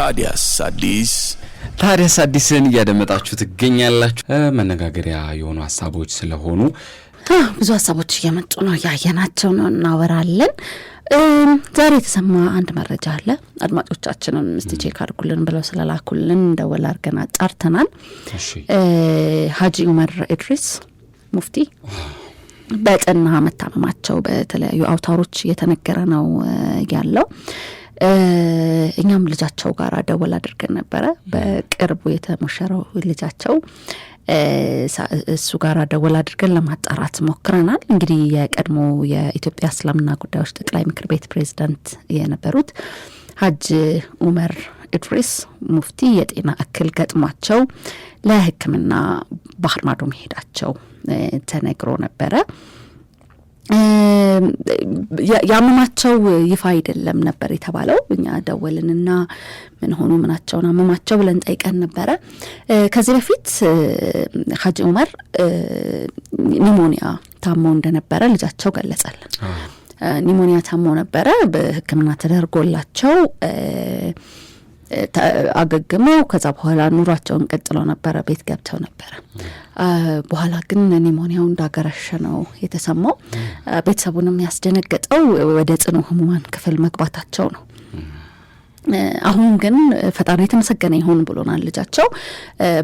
ታዲያስ አዲስ ታዲያስ አዲስን እያደመጣችሁ ትገኛላችሁ። መነጋገሪያ የሆኑ ሀሳቦች ስለሆኑ ብዙ ሀሳቦች እየመጡ ነው፣ ያየናቸው ነው፣ እናወራለን። ዛሬ የተሰማ አንድ መረጃ አለ። አድማጮቻችንን ምስት ቼክ አድርጉልን ብለው ስለላኩልን እንደወላ አድርገን አጣርተናል። ሀጂ ኡመር ኢድሪስ ሙፍቲ በጠና መታመማቸው በተለያዩ አውታሮች እየተነገረ ነው ያለው። እኛም ልጃቸው ጋር ደወል አድርገን ነበረ። በቅርቡ የተሞሸረው ልጃቸው እሱ ጋር ደወል አድርገን ለማጣራት ሞክረናል። እንግዲህ የቀድሞ የኢትዮጵያ እስልምና ጉዳዮች ጠቅላይ ምክር ቤት ፕሬዚዳንት የነበሩት ሀጅ ኡመር ኢድሪስ ሙፍቲ የጤና እክል ገጥሟቸው ለሕክምና ባህር ማዶ መሄዳቸው ተነግሮ ነበረ። ያመማቸው ይፋ አይደለም ነበር የተባለው። እኛ ደወልንና ምን ሆኑ ምናቸውን አመማቸው ብለን ጠይቀን ነበረ። ከዚህ በፊት ሀጂ ኡመር ኒሞኒያ ታሞ እንደነበረ ልጃቸው ገለጸልን። ኒሞኒያ ታሞ ነበረ። በሕክምና ተደርጎላቸው አገግመው ከዛ በኋላ ኑሯቸውን ቀጥለው ነበረ፣ ቤት ገብተው ነበረ። በኋላ ግን ኒሞኒያው እንዳገረሸ ነው የተሰማው። ቤተሰቡንም ያስደነገጠው ወደ ጽኑ ህሙማን ክፍል መግባታቸው ነው። አሁን ግን ፈጣሪ የተመሰገነ ይሁን ብሎናል። ልጃቸው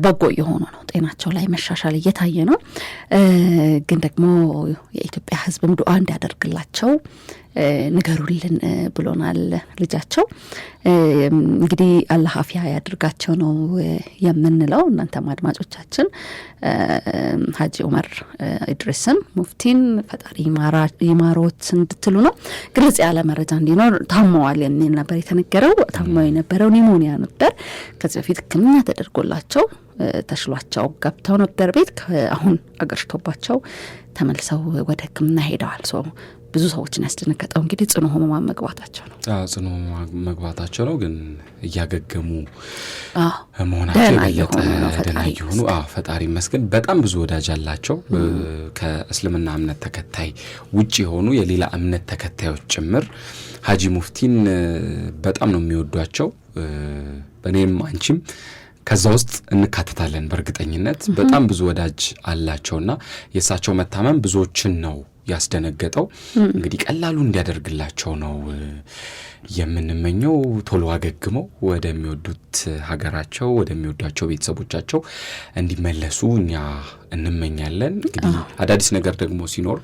በጎ እየሆኑ ነው። ጤናቸው ላይ መሻሻል እየታየ ነው። ግን ደግሞ የኢትዮጵያ ሕዝብም ዱዓ እንዲያደርግላቸው ንገሩልን ብሎናል ልጃቸው። እንግዲህ አላህ አፊያ ያድርጋቸው ነው የምንለው። እናንተም አድማጮቻችን ሀጂ ኡመር ኢድሪስን ሙፍቲን ፈጣሪ ይማሮት እንድትሉ ነው። ግልጽ ያለ መረጃ እንዲኖር ታመዋል የሚል ነበር የተነገረው። ታመው የነበረው ኒሞኒያ ነበር። ከዚህ በፊት ሕክምና ተደርጎላቸው ተሽሏቸው ገብተው ነበር ቤት። አሁን አገርሽቶባቸው ተመልሰው ወደ ሕክምና ሄደዋል። ብዙ ሰዎችን ያስደነገጠው እንግዲህ ጽኑ ህሙማን መግባታቸው ነው። ጽኑ ህሙማን መግባታቸው ነው፣ ግን እያገገሙ መሆናቸው የበለጠ እየሆኑ ፈጣሪ መስገን በጣም ብዙ ወዳጅ አላቸው ከእስልምና እምነት ተከታይ ውጭ የሆኑ የሌላ እምነት ተከታዮች ጭምር ሀጂ ሙፍቲን በጣም ነው የሚወዷቸው። እኔም አንቺም ከዛ ውስጥ እንካተታለን በእርግጠኝነት። በጣም ብዙ ወዳጅ አላቸውና የእሳቸው መታመም ብዙዎችን ነው ያስደነገጠው። እንግዲህ ቀላሉ እንዲያደርግላቸው ነው የምንመኘው። ቶሎ አገግመው ወደሚወዱት ሀገራቸው ወደሚወዷቸው ቤተሰቦቻቸው እንዲመለሱ እኛ እንመኛለን። እንግዲህ አዳዲስ ነገር ደግሞ ሲኖር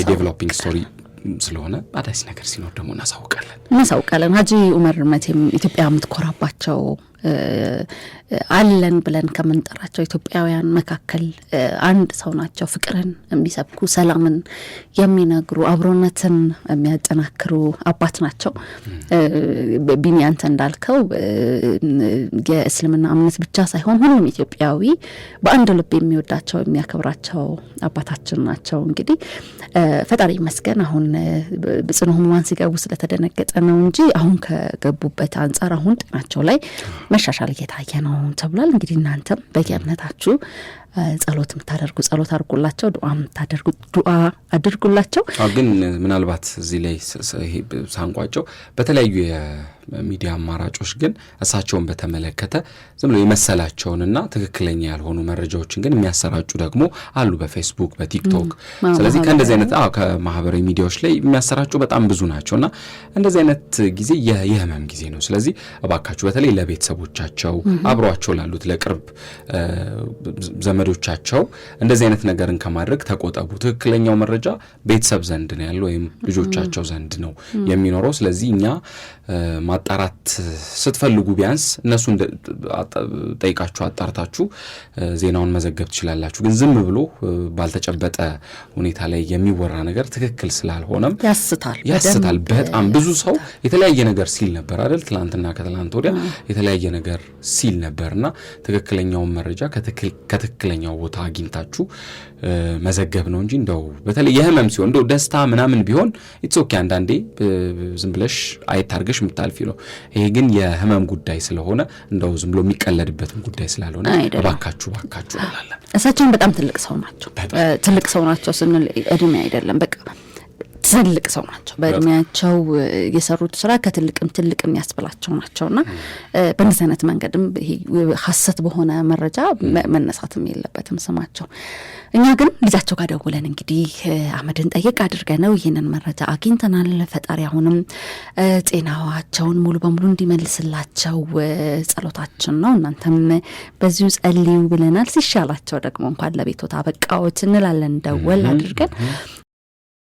የዴቨሎፒንግ ስቶሪ ስለሆነ አዳዲስ ነገር ሲኖር ደግሞ እናሳውቃለን እናሳውቃለን። ሀጂ ኡመር መቼም ኢትዮጵያ የምትኮራባቸው አለን ብለን ከምንጠራቸው ኢትዮጵያውያን መካከል አንድ ሰው ናቸው። ፍቅርን የሚሰብኩ፣ ሰላምን የሚነግሩ፣ አብሮነትን የሚያጠናክሩ አባት ናቸው። ቢኒ አንተ እንዳልከው የእስልምና እምነት ብቻ ሳይሆን ሁሉም ኢትዮጵያዊ በአንድ ልብ የሚወዳቸው የሚያከብራቸው አባታችን ናቸው። እንግዲህ ፈጣሪ ይመስገን አሁን ጽኑ ህሙማን ሲገቡ ስለተደነገጠ ነው እንጂ አሁን ከገቡበት አንጻር አሁን ጤናቸው ላይ መሻሻል እየታየ ነው ተብሏል። እንግዲህ እናንተም በየእምነታችሁ ጸሎት የምታደርጉ ጸሎት አድርጉላቸው፣ ዱዓ የምታደርጉ ዱዓ አድርጉላቸው። ግን ምናልባት እዚህ ላይ ሳንቋጨው በተለያዩ የሚዲያ አማራጮች ግን እሳቸውን በተመለከተ ዝም ብሎ የመሰላቸውንና ትክክለኛ ያልሆኑ መረጃዎችን ግን የሚያሰራጩ ደግሞ አሉ፣ በፌስቡክ በቲክቶክ። ስለዚህ ከእንደዚህ አይነት ከማህበራዊ ሚዲያዎች ላይ የሚያሰራጩ በጣም ብዙ ናቸው እና እንደዚህ አይነት ጊዜ የህመም ጊዜ ነው። ስለዚህ እባካችሁ በተለይ ለቤተሰቦቻቸው አብሯቸው ላሉት ለቅርብ ዘመ ዘመዶቻቸው እንደዚህ አይነት ነገርን ከማድረግ ተቆጠቡ። ትክክለኛው መረጃ ቤተሰብ ዘንድ ነው ያለው ወይም ልጆቻቸው ዘንድ ነው የሚኖረው። ስለዚህ እኛ ማጣራት ስትፈልጉ ቢያንስ እነሱን ጠይቃችሁ አጣርታችሁ ዜናውን መዘገብ ትችላላችሁ። ግን ዝም ብሎ ባልተጨበጠ ሁኔታ ላይ የሚወራ ነገር ትክክል ስላልሆነም ያስታል ያስታል። በጣም ብዙ ሰው የተለያየ ነገር ሲል ነበር አይደል? ትላንትና ከትላንት ወዲያ የተለያየ ነገር ሲል ነበርና ትክክለኛውን መረጃ ከትክክል ትክክለኛው ቦታ አግኝታችሁ መዘገብ ነው እንጂ እንደው በተለይ የህመም ሲሆን እንደው ደስታ ምናምን ቢሆን ኢትስ ኦኬ አንዳንዴ ዝም ብለሽ አይታርገሽ የምታልፊ ነው። ይሄ ግን የህመም ጉዳይ ስለሆነ እንደው ዝም ብሎ የሚቀለድበትም ጉዳይ ስላልሆነ እባካችሁ እባካችሁ እላለን። እሳቸውን በጣም ትልቅ ሰው ናቸው። ትልቅ ሰው ናቸው ስንል እድሜ አይደለም በቃ ትልቅ ሰው ናቸው። በእድሜያቸው የሰሩት ስራ ከትልቅም ትልቅ የሚያስብላቸው ናቸውና በእንደዚህ አይነት መንገድም ሀሰት በሆነ መረጃ መነሳትም የለበትም ስማቸው። እኛ ግን ልጃቸው ጋር ደውለን እንግዲህ አመድን ጠየቅ አድርገነው ይህንን መረጃ አግኝተናል። ፈጣሪ አሁንም ጤናዋቸውን ሙሉ በሙሉ እንዲመልስላቸው ጸሎታችን ነው። እናንተም በዚሁ ጸልዩ ብለናል። ሲሻላቸው ደግሞ እንኳን ለቤቶት አበቃዎት እንላለን ደወል አድርገን